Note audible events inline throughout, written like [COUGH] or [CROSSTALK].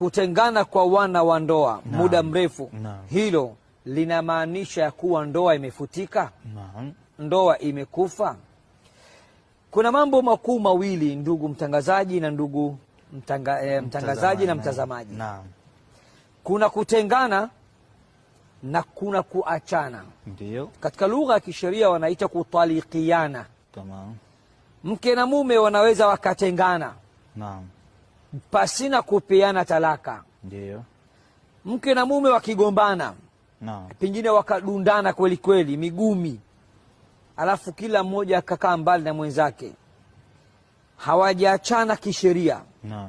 Kutengana kwa wana wa ndoa muda mrefu na, hilo linamaanisha ya kuwa ndoa imefutika Naam. ndoa imekufa. Kuna mambo makuu mawili ndugu mtangazaji na ndugu mtanga, eh, mtangazaji na mtazamaji Naam. kuna kutengana na kuna kuachana. Ndiyo. Katika lugha ya kisheria wanaita kutalikiana. Tamam. Mke na mume wanaweza wakatengana Naam pasina kupeana talaka. Ndio mke na mume wakigombana no. pengine wakadundana kweli kweli migumi, alafu kila mmoja akakaa mbali na mwenzake, hawajaachana kisheria no.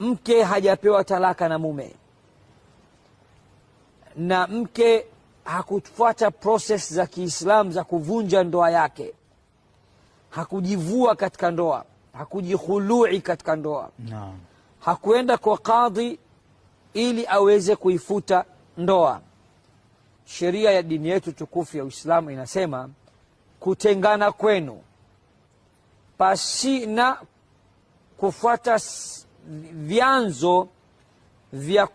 mke hajapewa talaka na mume na mke hakufuata proses za Kiislamu za kuvunja ndoa yake, hakujivua katika ndoa hakujihului katika ndoa no. hakuenda kwa kadhi ili aweze kuifuta ndoa. Sheria ya dini yetu tukufu ya Uislamu inasema kutengana kwenu pasina kufuata vyanzo vya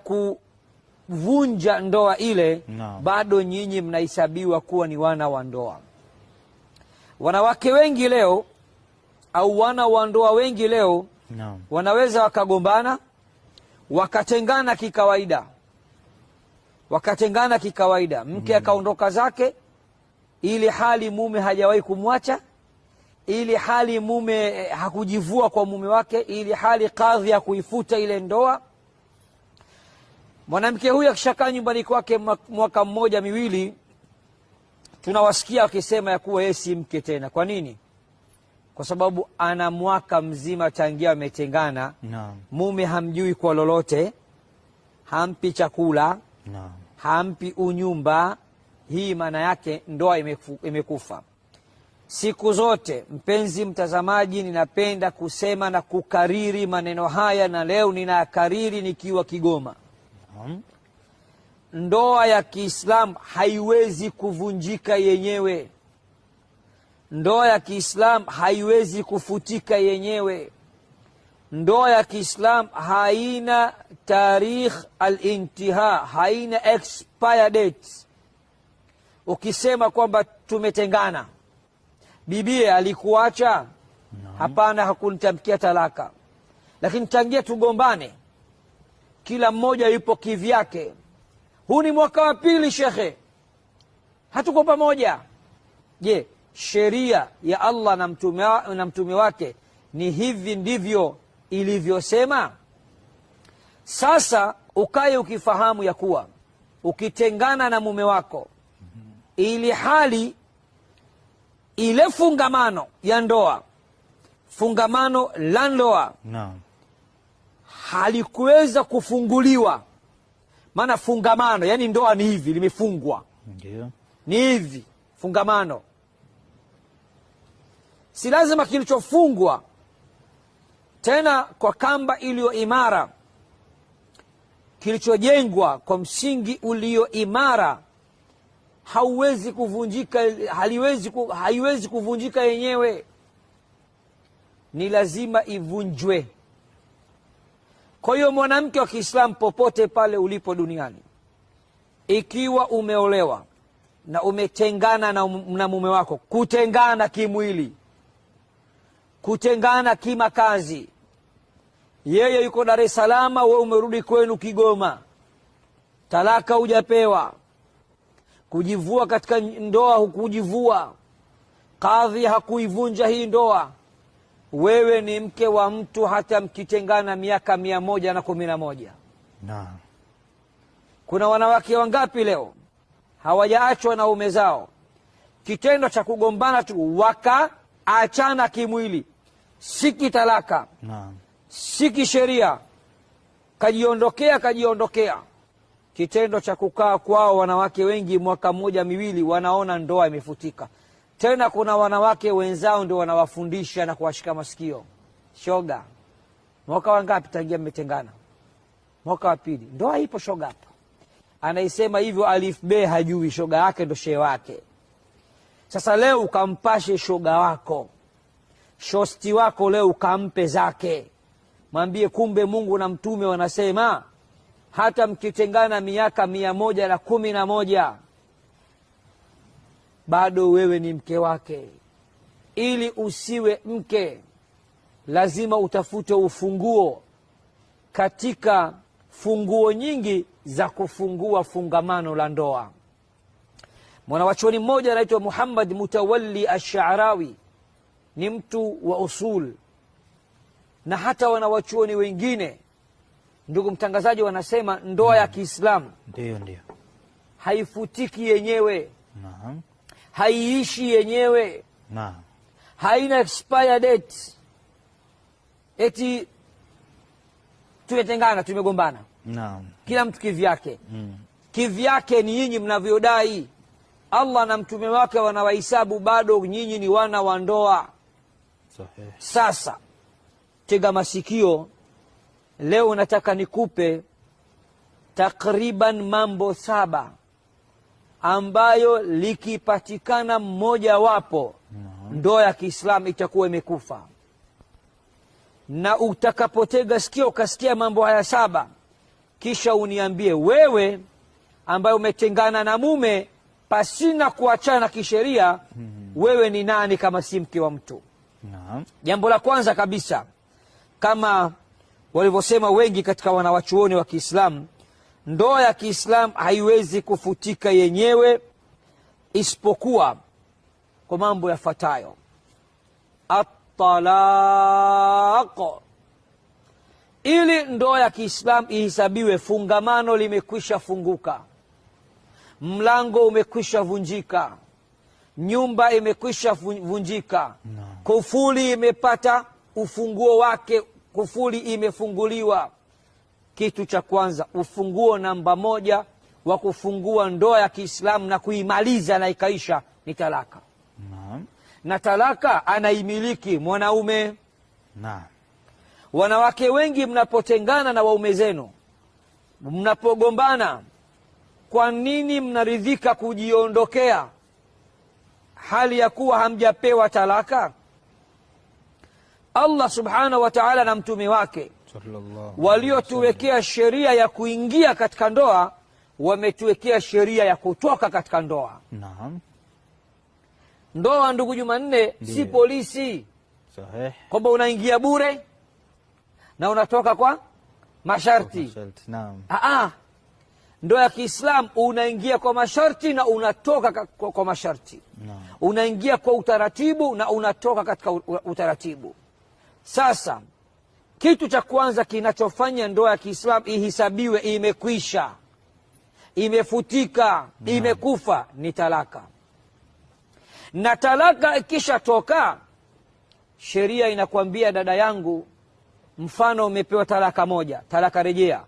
kuvunja ndoa ile no. bado nyinyi mnahesabiwa kuwa ni wana wa ndoa. Wanawake wengi leo au wana wa ndoa wengi leo no. wanaweza wakagombana wakatengana kikawaida, wakatengana kikawaida, mke mm. akaondoka zake, ili hali mume hajawahi kumwacha, ili hali mume eh, hakujivua kwa mume wake, ili hali kadhi ya kuifuta ile ndoa. Mwanamke huyu akishakaa nyumbani kwake mwaka mmoja miwili, tunawasikia wakisema ya kuwa yeye si mke tena. Kwa nini? kwa sababu ana mwaka mzima tangia ametengana no. Mume hamjui kwa lolote, hampi chakula no. Hampi unyumba. Hii maana yake ndoa imekufa. Siku zote mpenzi mtazamaji, ninapenda kusema na kukariri maneno haya, na leo ninayakariri nikiwa Kigoma. no. Ndoa ya Kiislamu haiwezi kuvunjika yenyewe Ndoa ya kiislam haiwezi kufutika yenyewe. Ndoa ya kiislam haina tarikh al-intiha, haina expire date. Ukisema kwamba tumetengana, bibie alikuacha? Hapana, hakunitamkia talaka, lakini tangia tugombane, kila mmoja yupo kivyake. Huu ni mwaka wa pili, shekhe, hatuko pamoja. Je, sheria ya Allah na mtume, na mtume wake ni hivi ndivyo ilivyosema. Sasa ukaye ukifahamu ya kuwa ukitengana na mume wako ili hali ile fungamano ya ndoa fungamano la ndoa no. halikuweza kufunguliwa. Maana fungamano yani ndoa ni hivi limefungwa, ndio ni hivi fungamano si lazima kilichofungwa tena kwa kamba iliyo imara, kilichojengwa kwa msingi ulio imara hauwezi kuvunjika, haliwezi, haiwezi kuvunjika yenyewe, ni lazima ivunjwe. Kwa hiyo mwanamke wa Kiislamu popote pale ulipo duniani, ikiwa umeolewa na umetengana na mume wako, kutengana kimwili kutengana kimakazi. Yeye yuko Dar es salama we umerudi kwenu Kigoma, talaka hujapewa, kujivua katika ndoa hukujivua, kadhi hakuivunja hii ndoa. Wewe ni mke wa mtu, hata mkitengana miaka mia moja na kumi na moja. kuna wanawake wangapi leo hawajaachwa na ume zao, kitendo cha kugombana tu wakaachana kimwili si kitalaka si kisheria, kajiondokea kajiondokea. Kitendo cha kukaa kwao wanawake wengi mwaka mmoja miwili, wanaona ndoa imefutika. Tena kuna wanawake wenzao ndio wanawafundisha na kuwashika masikio. Shoga, mwaka wangapi tangia mmetengana? Mwaka wa pili. Ndoa ipo shoga hapa, anaisema hivyo alifb hajui, shoga yake ndo shee wake. Sasa leo ukampashe shoga wako shosti wako leo ukampe zake, mwambie kumbe Mungu na mtume wanasema hata mkitengana miaka mia moja na kumi na moja bado wewe ni mke wake. Ili usiwe mke, lazima utafute ufunguo katika funguo nyingi za kufungua fungamano la ndoa. mwanawachoni mmoja anaitwa Muhammad Mutawalli Asharawi ni mtu wa usul na hata wanawachuoni wengine, ndugu mtangazaji, wanasema ndoa ya mm. Kiislamu ndio ndio haifutiki yenyewe Naam. haiishi yenyewe Naam. haina expire date eti tumetengana tumegombana, Naam. kila mtu kivyake mm. kivyake ni nyinyi mnavyodai. Allah na mtume wake wanawahesabu, bado nyinyi ni wana wa ndoa Sahihi. Sasa tega masikio, leo nataka nikupe takriban mambo saba ambayo likipatikana mmoja wapo ndoa ya Kiislamu itakuwa imekufa. Na utakapotega sikio ukasikia mambo haya saba, kisha uniambie wewe, ambaye umetengana na mume pasina kuachana kisheria, hmm. wewe ni nani kama si mke wa mtu? Jambo la kwanza kabisa kama walivyosema wengi katika wanawachuoni wa Kiislamu, ndoa ya Kiislamu haiwezi kufutika yenyewe isipokuwa kwa mambo yafuatayo: at-talaq. Ili ndoa ya Kiislamu ihisabiwe, fungamano limekwisha funguka, mlango umekwisha vunjika, nyumba imekwisha vunjika no. Kufuli imepata ufunguo wake, kufuli imefunguliwa. Kitu cha kwanza, ufunguo namba moja wa kufungua ndoa ya Kiislamu na kuimaliza na ikaisha ni talaka. Naam. Na talaka anaimiliki mwanaume. Naam. Wanawake wengi mnapotengana na waume zenu, mnapogombana, kwa nini mnaridhika kujiondokea hali ya kuwa hamjapewa talaka? Allah subhanahu wa taala na mtume wake waliotuwekea sheria ya kuingia katika ndoa wametuwekea sheria ya kutoka katika ndoa. Naam. Ndoa ndugu Jumanne si polisi kwamba unaingia bure na unatoka kwa masharti. ndoa ya kiislam unaingia kwa masharti na unatoka kwa masharti. Unaingia kwa utaratibu na unatoka katika utaratibu. Sasa kitu cha kwanza kinachofanya ndoa ya Kiislamu ihisabiwe imekwisha, imefutika, imekufa ni talaka. Na talaka ikishatoka, sheria inakwambia dada yangu, mfano umepewa talaka moja, talaka rejea.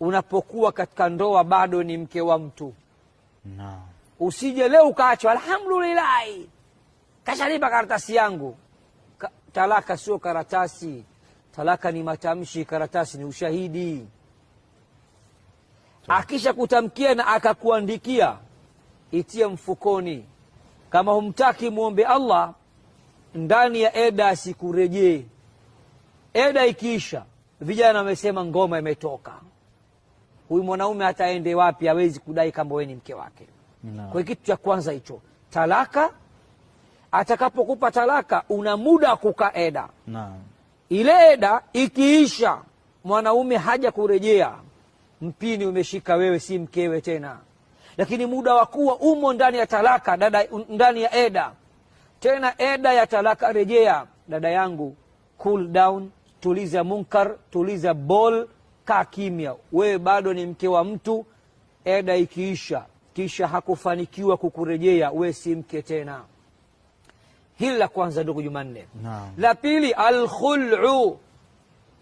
Unapokuwa katika ndoa bado ni mke wa mtu. Usije leo ukaachwa, alhamdulillahi, kashalipa karatasi yangu talaka sio karatasi. Talaka ni matamshi, karatasi ni ushahidi. Akisha kutamkia na akakuandikia, itie mfukoni. Kama humtaki muombe Allah ndani ya eda, asikurejee. Eda ikiisha, vijana wamesema ngoma imetoka. Huyu mwanaume hata aende wapi, hawezi kudai kama wewe ni mke wake no. Kwa kitu cha kwanza hicho talaka atakapokupa talaka una muda wa kukaa eda. Ile eda ikiisha, mwanaume haja kurejea, mpini umeshika wewe, si mkewe tena. Lakini muda wa kuwa umo ndani ya talaka dada, ndani ya eda tena, eda ya talaka rejea. Dada yangu, cool down, tuliza munkar, tuliza bol, kaa kimya, wewe bado ni mke wa mtu. Eda ikiisha, kisha hakufanikiwa kukurejea, we si mke tena. Hili la kwanza, ndugu Jumanne. La pili alkhulu,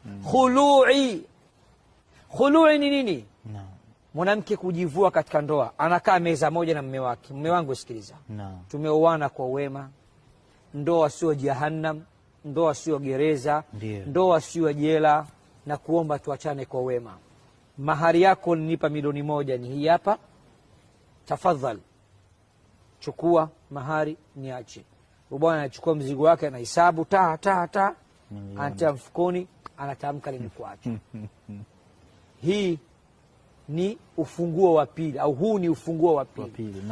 mm. khului. Khului ni nini? Mwanamke kujivua katika ndoa, anakaa meza moja na mme wake. Mme wangu, sikiliza, tumeoana kwa wema. Ndoa sio jahannam, ndoa sio gereza, ndoa sio jela, na kuomba tuachane kwa wema. Mahari yako ninipa milioni moja, ni hii hapa, tafadhali chukua mahari, niache bwana anachukua mzigo wake, anahesabu ta ta ta, anatia mfukoni, anatamka nimekuacha. [LAUGHS] Hii ni ufunguo wa pili, au huu ni ufunguo wa pili.